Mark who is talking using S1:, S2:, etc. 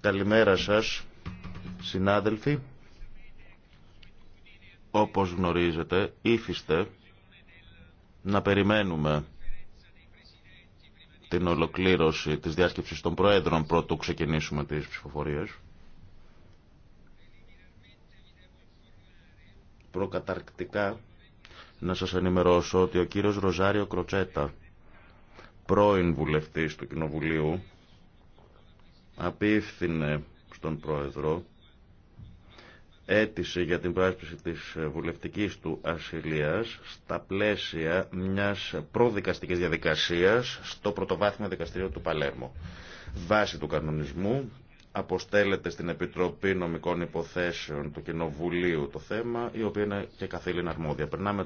S1: Καλημέρα σας, συνάδελφοι. Όπως γνωρίζετε, ήφιστε να περιμένουμε την ολοκλήρωση της διάσκεψης των Προέδρων πρώτου ξεκινήσουμε τις ψηφοφορίες. Προκαταρκτικά να σας ενημερώσω ότι ο κύριος Ροζάριο Κροτσέτα, πρώην βουλευτής του Κοινοβουλίου, απίφθινε στον Πρόεδρο αίτηση για την προάσπιση της βουλευτικής του ασυλίας στα πλαίσια μιας προδικαστικής διαδικασίας στο πρωτοβάθμιο δικαστήριο του Παλέρμο. Βάση του κανονισμού αποστέλλεται στην Επιτροπή Νομικών Υποθέσεων του Κοινοβουλίου το θέμα, η οποία είναι και καθήλυνα αρμόδια.